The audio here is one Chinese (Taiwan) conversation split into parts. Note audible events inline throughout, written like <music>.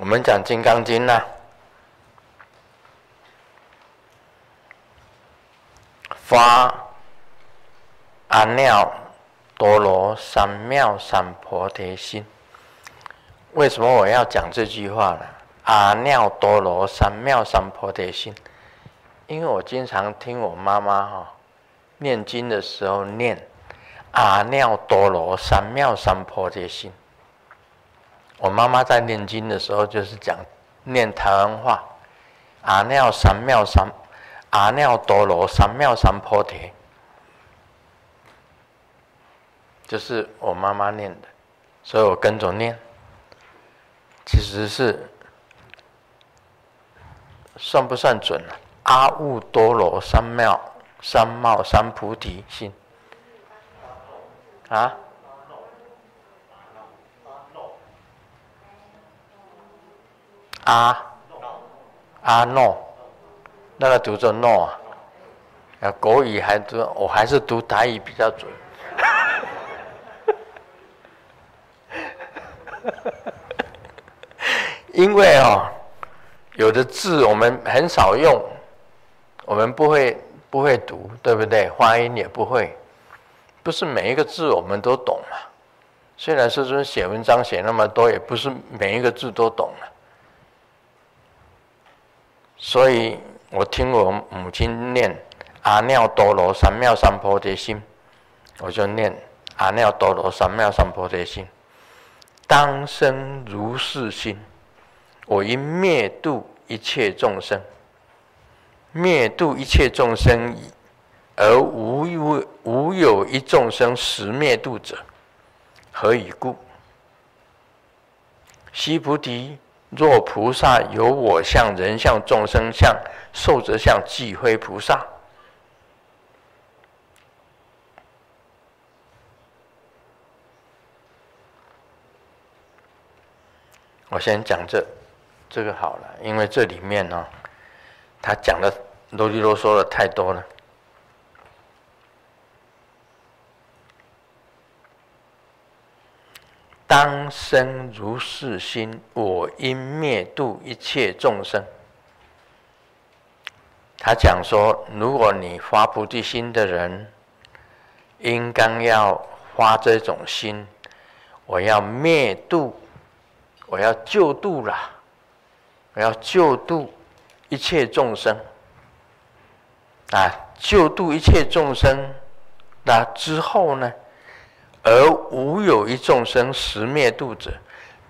我們講《金剛經》呢，發阿耨多羅三藐三菩提心。為什麼我要講這句話呢？阿耨多羅三藐三菩提心，因為我經常聽我媽媽哈、哦、念經的時候念阿耨多羅三藐三菩提心。我媽媽在念經的時候，就是講念台灣話，“阿尿三妙三，阿尿多羅三妙三菩提”，就是我媽媽念的，所以我跟着念。其實是算不算準啊？“阿悟多羅三妙三妙三菩提心”，啊？阿阿諾，那個讀作諾、no、啊，國 No, no.、啊、語還讀，我還是讀台語比較準。 <laughs> 因為哦，有的字我們很少用，我們不會不會讀，對不對？發音也不會，不是每一個字我們都懂嘛。雖然是說寫文章寫那麼多，也不是每一個字都懂了、啊。所以我聽我母親念阿耨多羅三藐三菩提心，我就念阿耨多羅三藐三菩提心。當生如是心，我應滅度一切眾生。滅度一切眾生已，而無有無有一眾生實滅度者。何以故？須菩提。若菩薩有我相、人相、眾生相、壽者相，即非菩薩。我先講這，這個好了，因為這裡面呢、哦，他講的囉里囉嗦的太多了。當生如是心，我應滅度一切眾生。他講說，如果你發菩提心的人，應該要發這種心，我要滅度，我要救度啦，我要救度一切眾生。啊，救度一切眾生，那之後呢？而無有一眾生實滅度者，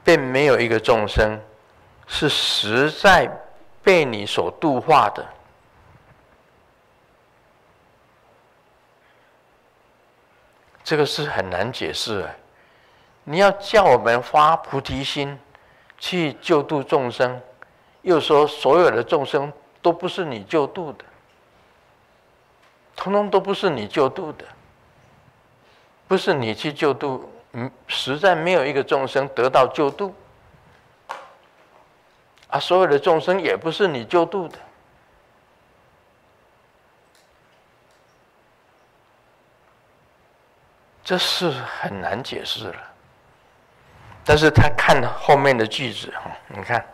並沒有一個眾生是實在被你所度化的。這個是很難解釋的啊，你要叫我們發菩提心去救度眾生，又說所有的眾生都不是你救度的，通通都不是你救度的。不是你去救度，嗯，實在沒有一個眾生得到救度，啊，所有的眾生也不是你救度的，這是很難解釋了。但是他看了後面的句子哈，你看，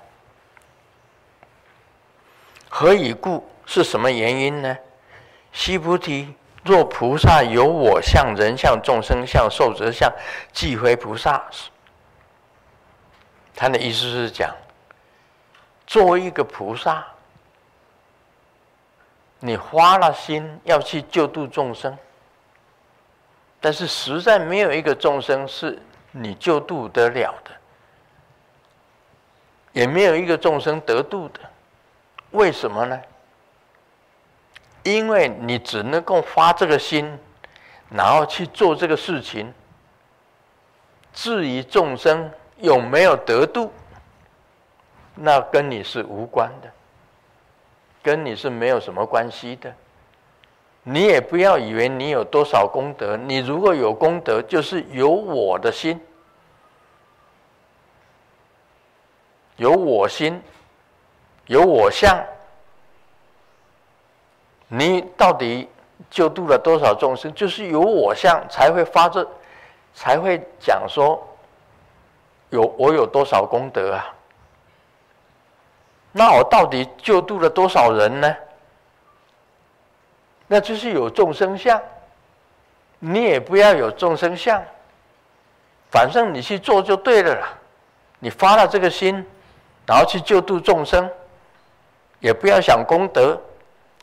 何以故？是什麼原因呢？須菩提。若菩薩有我相、人相、眾生相、壽者相，即非菩薩。他的意思是講，作為一個菩薩，你花了心要去救度眾生，但是實在沒有一個眾生是你救度得了的，也沒有一個眾生得度的，為什麼呢？因為你只能夠發這個心，然後去做這個事情。至於眾生有沒有得度，那跟你是無關的，跟你是沒有什麼關係的。你也不要以為你有多少功德，你如果有功德，就是有我的心，有我心，有我相。你到底救度了多少眾生？就是有我相，才會發這，才會講說，有我有多少功德啊？那我到底救度了多少人呢？那就是有眾生相，你也不要有眾生相，反正你去做就對了啦。你發了這個心，然後去救度眾生，也不要想功德。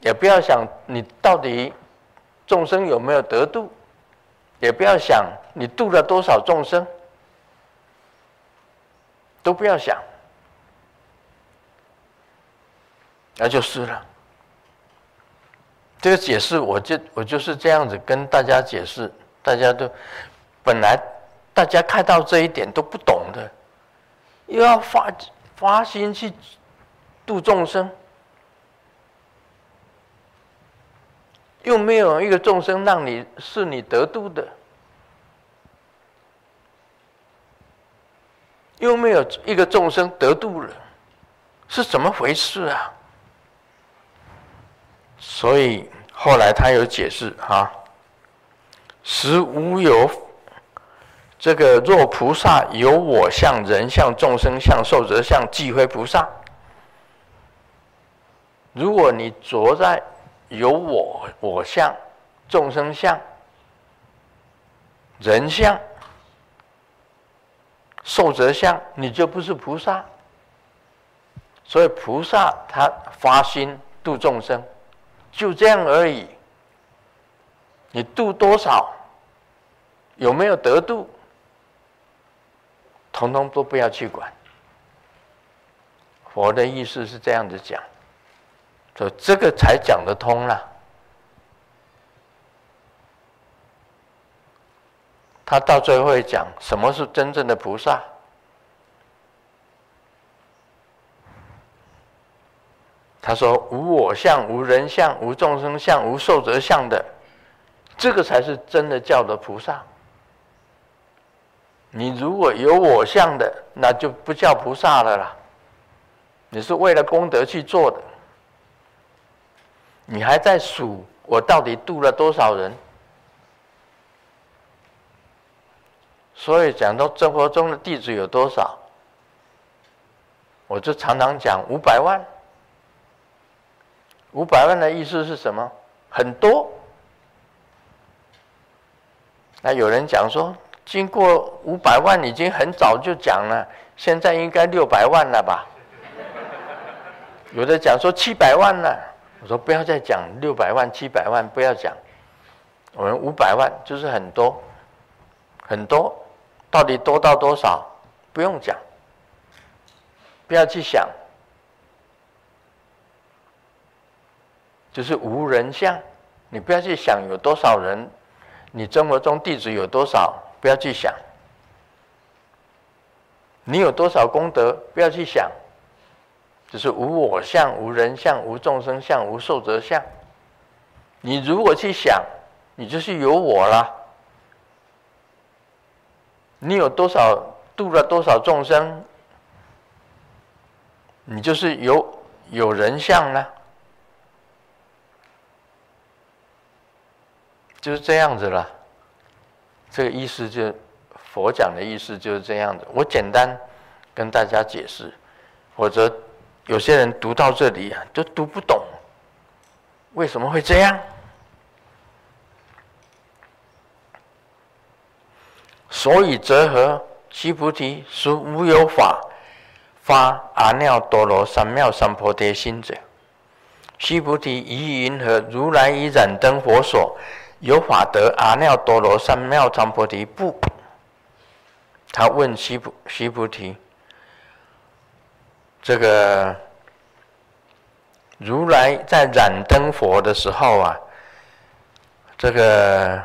也不要想你到底眾生有沒有得度，也不要想你度了多少眾生，都不要想，那就是了。這個解釋，我就我就是這樣子跟大家解釋，大家都本來大家看到這一點都不懂的，又要發發心去度眾生。又沒有一個眾生讓你是你得度的，又沒有一個眾生得度了，是怎麼回事啊？所以後來他有解釋啊，實無有這個，若菩薩有我相、人相、眾生相、壽者相，即非菩薩。如果你着在。有我，我相、眾生相、人相、壽者相，你就不是菩薩。所以菩薩他發心度眾生，就這樣而已。你度多少，有沒有得度，統統都不要去管。佛的意思是這樣子講。所以這個才講得通了啊。他到最後一講什麼是真正的菩薩？他說：無我相、無人相、無眾生相、無壽者相的，這個才是真的叫的菩薩。你如果有我相的，那就不叫菩薩了啦。你是為了功德去做的。你還在數我到底渡了多少人？所以講到生活中的弟子有多少，我就常常講五百萬。五百萬的意思是什麼？很多。那有人講說，經過五百萬已經很早就講了，現在應該六百萬了吧？有的講說七百萬了。我說不要再講六百萬、七百萬，不要講，我們五百萬就是很多，很多，到底多到多少？不用講，不要去想，就是無人相。你不要去想有多少人，你中國中弟子有多少？不要去想，你有多少功德？不要去想。就是無我相、無人相、無眾生相、無壽者相。你如果去想，你就是有我了。你有多少度了多少眾生，你就是有有人相啦。就是這樣子了。這個意思就佛講的意思就是這樣子。我簡單跟大家解釋，否則。有些人讀到這裡啊，就讀不懂，為什麼會這樣？所以者何？須菩提，實無有法發阿耨多羅三藐三菩提心者。須菩提，於意云何，如來於燃燈佛所，有法得阿耨多羅三藐三菩提不？他問須菩提。這個如來在燃燈佛的時候啊，這個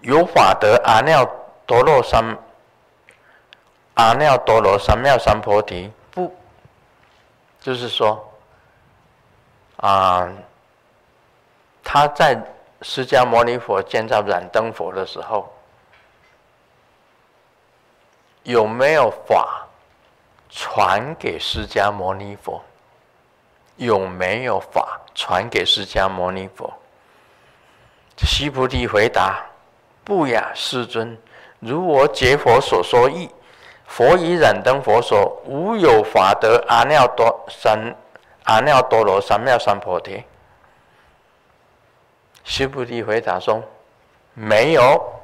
有法得阿耨多羅三阿耨多羅三藐三菩提，不就是說啊，他在釋迦牟尼佛建造燃燈佛的時候，有沒有法？傳給釋迦牟尼佛，有沒有法傳給釋迦牟尼佛？須菩提回答：“不也，世尊。如我解佛所說義，佛以燃燈佛所，無有法得阿耨多三阿耨多羅三藐三,三菩提。”須菩提回答說：“沒有。”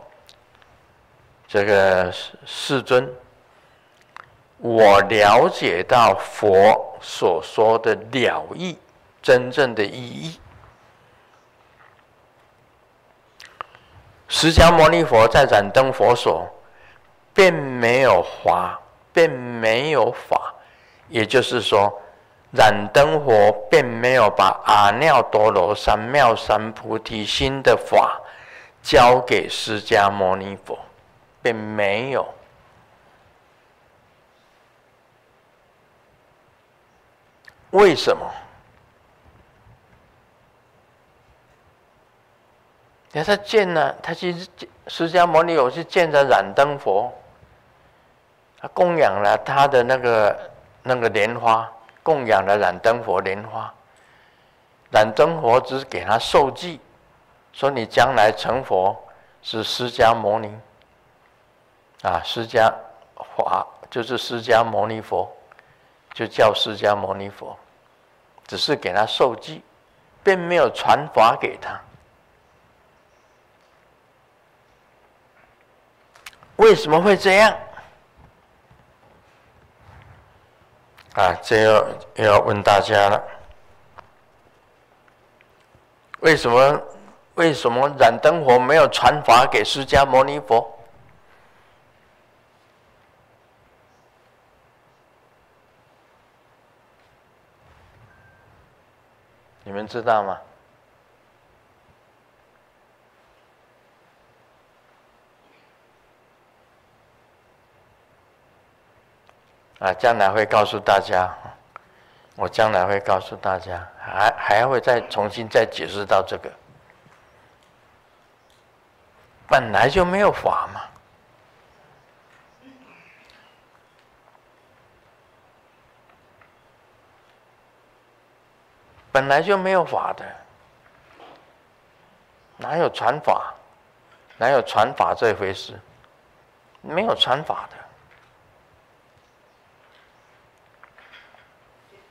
這個世尊。我了解到佛所說的了義，真正的意義。釋迦牟尼佛在燃燈佛所，並沒有法，並沒有法，也就是說，燃燈佛並沒有把阿耨多羅三藐三菩提心的法交給釋迦牟尼佛，並沒有。為什麼？你、啊、看他見了，他去釋迦牟尼有去見着燃燈佛，他供養了他的那個那個蓮花，供養了燃燈佛蓮花。燃燈佛只是給他授記，說你將來成佛是釋迦牟尼。啊，釋迦華就是釋迦牟尼佛。就叫釋迦牟尼佛，只是給他授記，並沒有傳法給他。為什麼會這樣？啊，這又要問大家了。為什麼為什麼燃燈佛沒有傳法給釋迦牟尼佛？你們知道嗎？啊，將來會告訴大家，我將來會告訴大家，還還會再重新再解釋到這個，本來就沒有法嘛。本來就沒有法的，哪有傳法？哪有傳法這回事？沒有傳法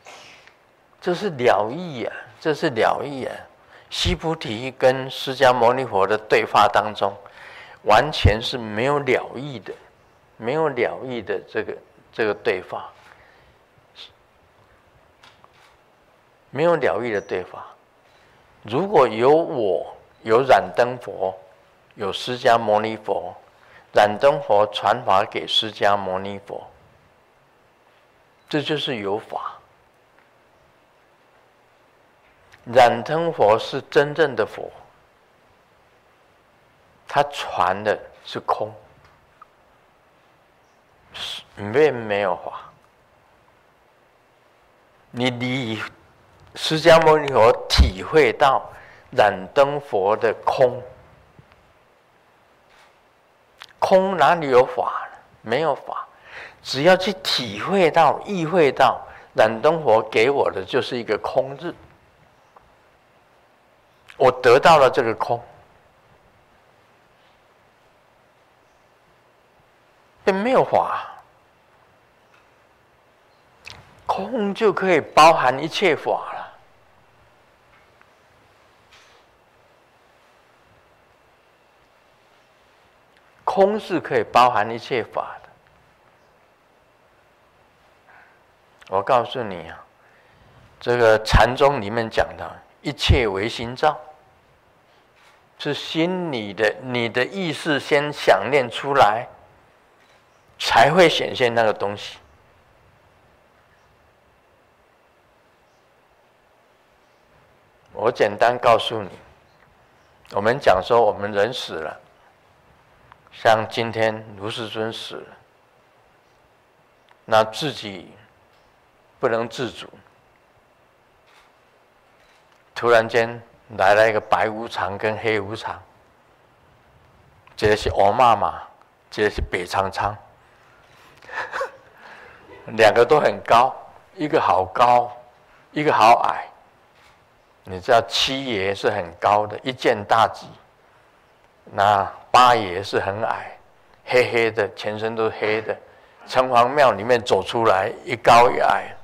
的，這是了義啊，這是了義啊，須菩提跟釋迦牟尼佛的對話當中，完全是沒有了義的，沒有了義的這個這個對話。沒有了義的對法。如果有我，有燃燈佛，有釋迦牟尼佛，燃燈佛傳法給釋迦牟尼佛，這就是有法。燃燈佛是真正的佛，它傳的是空，並沒有法。你離。釋迦牟尼佛體會到燃燈佛的空，空哪裡有法？沒有法，只要去體會到、意會到，燃燈佛給我的就是一個空字，我得到了這個空，並沒有法，空就可以包含一切法了。空是可以包含一切法的。我告訴你啊，這個禪宗裡面講的“一切唯心造”，是心裡的你的意識先想念出來，才會顯現那個東西。我簡單告訴你，我們講說我們人死了。像今天盧師尊死，那自己不能自主，突然間來了一個白無常跟黑無常，這個、是我媽媽，這個、是北蒼蒼，兩個都很高，一個好高，一個好矮。你知道七爺是很高的，一見大吉。那八爺是很矮，黑黑的，全身都是黑的，城隍廟裡面走出來，一高一矮，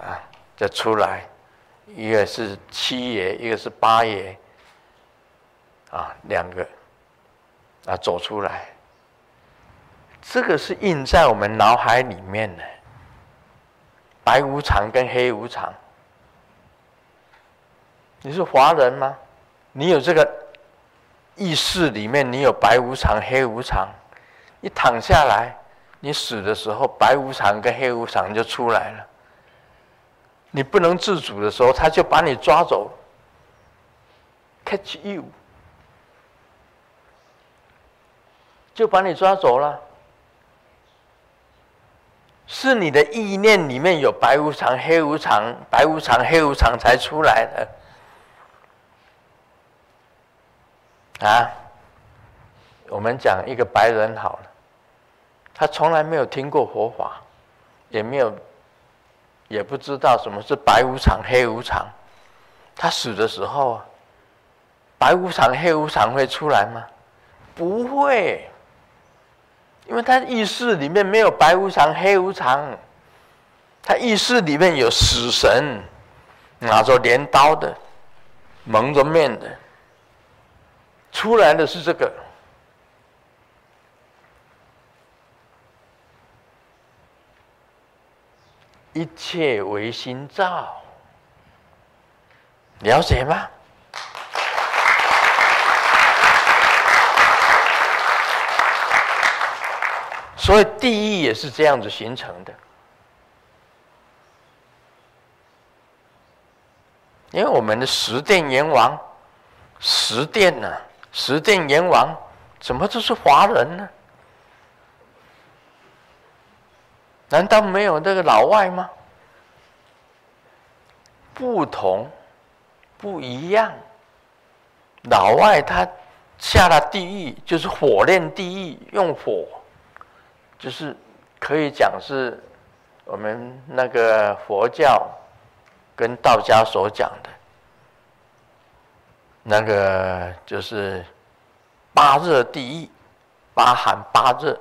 啊，再出來，一個是七爺，一個是八爺，啊，兩個，啊，走出來，這個是印在我們腦海裡面的，白無常跟黑無常，你是華人嗎？你有這個？意識裡面，你有白無常、黑無常。一躺下來，你死的時候，白無常跟黑無常就出來了。你不能自主的時候，他就把你抓走，catch you，就把你抓走了。是你的意念裡面有白無常、黑無常，白無常、黑無常才出來的。啊，我們講一個白人好了，他從來沒有聽過佛法，也沒有，也不知道什麼是白無常、黑無常。他死的時候啊，白無常、黑無常會出來嗎？不會，因為他意識裡面沒有白無常、黑無常，他意識裡面有死神，拿着鐮刀的，蒙着面的。出來的是這個，一切唯心造，了解嗎？所以地獄也是這樣子形成的，因為我們的十殿閻王，十殿呢？十殿閻王怎麼就是華人呢？難道沒有那個老外嗎？不同，不一樣。老外他下了地獄就是火煉地獄，用火，就是可以講是我們那個佛教跟道家所講的。那個就是八熱地獄，八寒八熱，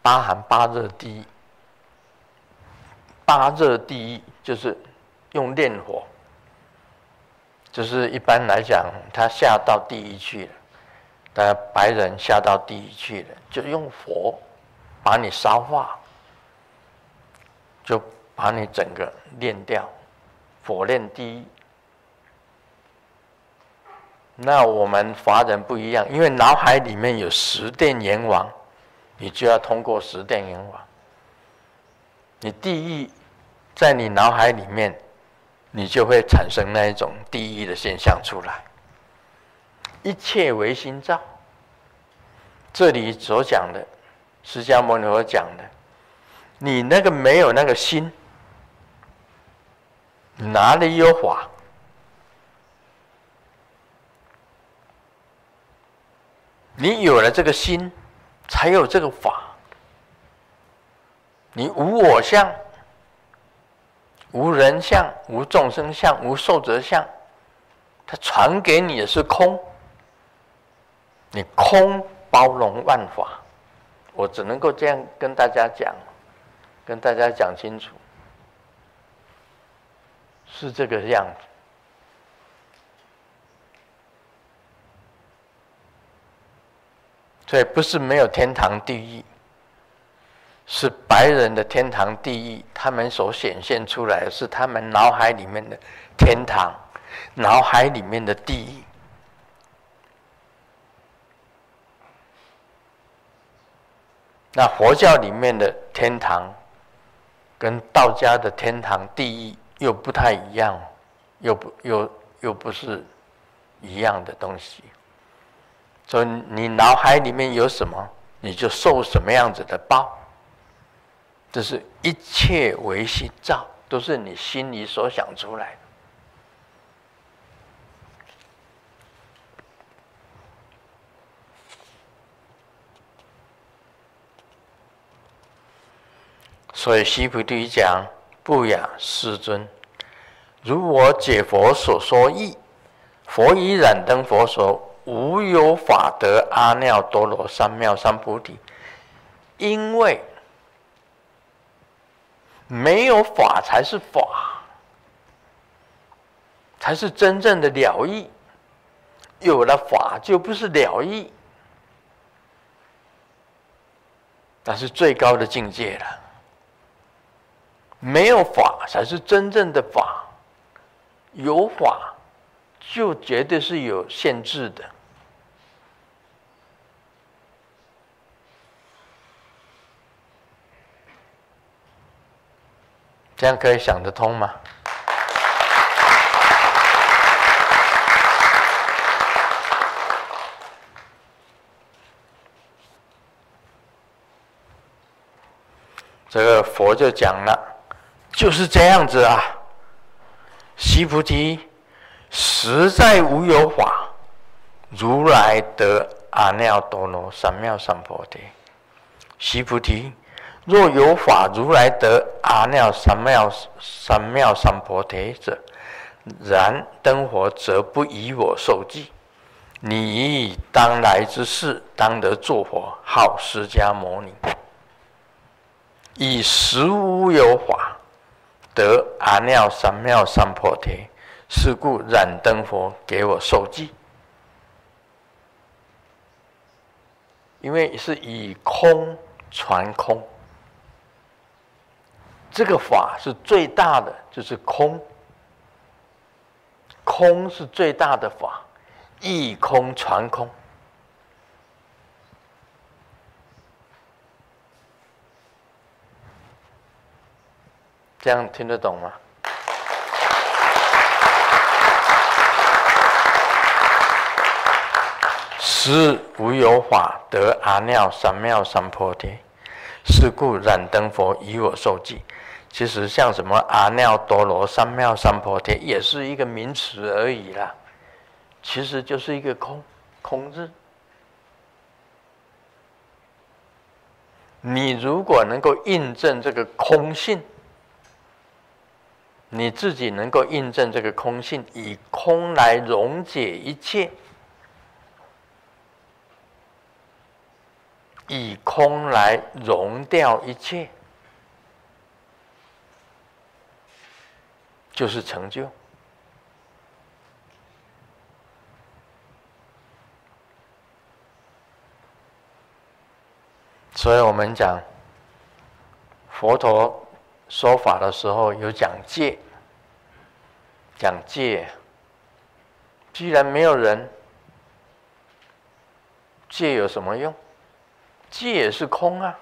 八寒八熱地獄，八熱地獄就是用煉火。就是一般來講，他下到地獄去了，他白人下到地獄去了，就用火把你燒化，就把你整個煉掉，火煉地獄。那我們華人不一樣，因為腦海裡面有十殿閻王，你就要通過十殿閻王，你地獄在你腦海裡面，你就會產生那一種地獄的現象出來。一切唯心造，這裡所講的釋迦牟尼佛講的，你那個沒有那個心，哪裡有法？你有了這個心，才有這個法。你無我相，無人相，無眾生相，無壽者相。他傳給你的是空，你空包容萬法。我只能夠這樣跟大家講，跟大家講清楚，是這個樣子。對，不是沒有天堂地獄，是白人的天堂地獄，他們所顯現出來的是他們腦海裡面的天堂，腦海裡面的地獄。那佛教裡面的天堂，跟道家的天堂地獄又不太一樣，又不又又不是一樣的東西。所以你腦海裡面有什麼，你就受什麼樣子的報。這是一切唯心造，都是你心裡所想出來的。所以，須菩提講：“不也，世尊，如我解佛所說義，佛於燃燈佛所。”無有法得阿耨多羅三藐三菩提，因為沒有法才是法，才是真正的了義，有了法就不是了義。那是最高的境界了。沒有法才是真正的法，有法就絕對是有限制的。這樣可以想得通嗎？這個佛就講了，就是這樣子啊。須菩提，實在無有法，如來得阿耨多羅三藐三菩提。須菩提。若有法如來得阿耨三藐三藐三菩提者，燃燈佛則不與我授記。你以當來之世當得作佛，號釋迦牟尼。以實無有法得阿耨三藐三菩提，是故燃燈佛給我授記。因為是以空傳空。這個法是最大的，就是空，空是最大的法，一空傳空，這樣聽得懂嗎？是 <noise> 無有法得阿耨三藐三菩提，是故燃燈佛以我授記。其實像什麼阿耨多羅三藐三菩提，也是一個名詞而已啦。其實就是一個空，空字。你如果能夠印證這個空性，你自己能夠印證這個空性，以空來溶解一切，以空來溶掉一切。就是成就，所以我們講佛陀說法的時候，有講戒，講戒，既然沒有人，戒有什麼用？戒也是空啊。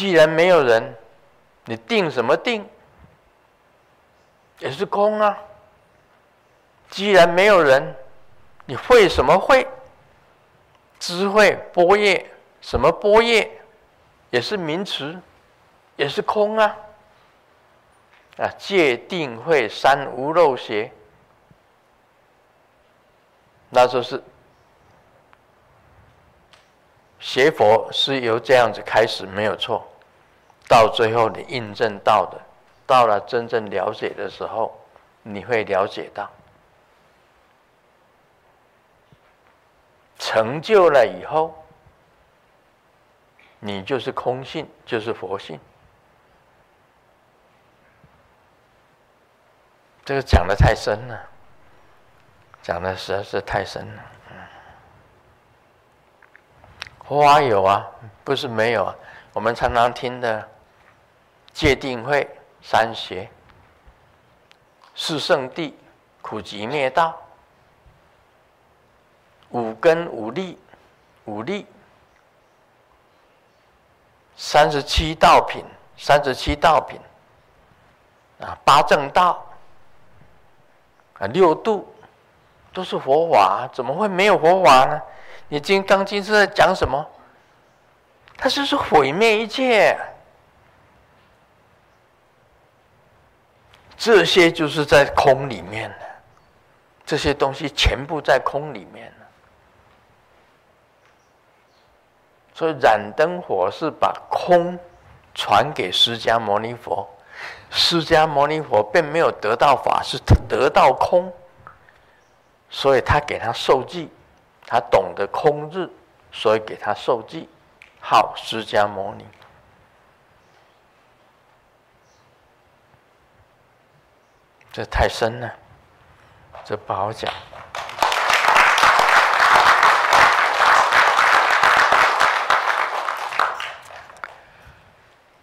既然沒有人，你定什麼定？也是空啊。既然沒有人，你會什麼會？智慧、般若，什麼般若？也是名詞，也是空啊。啊，戒定慧三無漏學，那就是學佛是由這樣子開始，沒有錯。到最後，你印證到的，到了真正了解的時候，你會了解到，成就了以後，你就是空性，就是佛性。這個講的太深了，講的實在是太深了。花有啊，不是沒有啊，我們常常聽的。戒定慧三學，四聖諦苦集滅道，五根五力五力，三十七道品，三十七道品，啊八正道，啊六度，都是佛法，啊，怎麼會沒有佛法呢？你《金剛經》是在講什麼？他是說毀滅一切。這些就是在空裡面的這些東西全部在空裡面所以，燃燈火是把空傳給釋迦牟尼佛，釋迦牟尼佛並沒有得到法，是得到空，所以他給他授記，他懂得空日，所以給他授記，號，釋迦牟尼。這太深了，這不好講。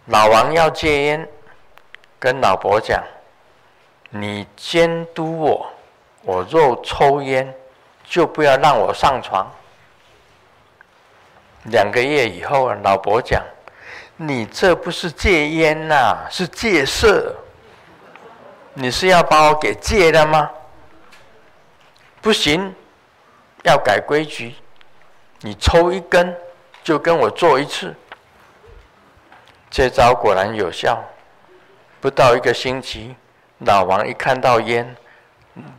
老王要戒煙，跟老婆講：“你監督我，我若抽煙，就不要讓我上床。”兩個月以後啊，老婆講：“你這不是戒煙吶、啊，是戒色。”你是要把我給戒了嗎？不行，要改規矩。你抽一根，就跟我做一次。這招果然有效。不到一個星期，老王一看到煙，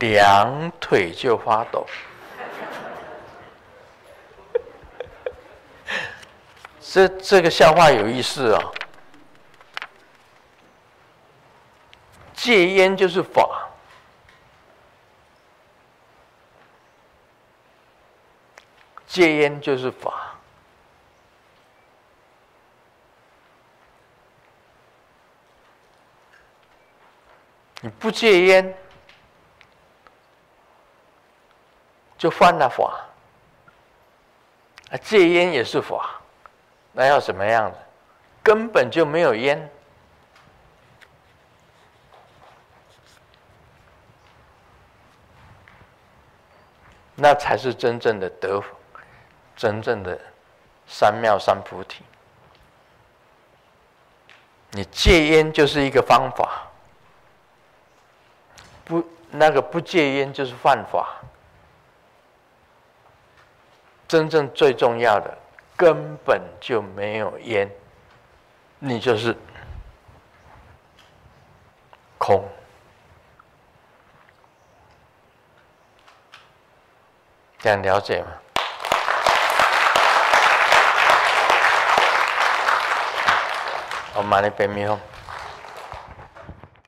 兩腿就發抖。 <laughs> <laughs> 這這個笑話有意思哦。戒煙就是法，戒煙就是法。你不戒煙，就犯了法。啊，戒煙也是法，那要什麼樣子？根本就沒有煙。那才是真正的德，真正的三藐三菩提。你戒煙就是一個方法，不，那個不戒煙就是犯法。真正最重要的，根本就沒有煙，你就是空。這樣了解嗎？我買了白米湯。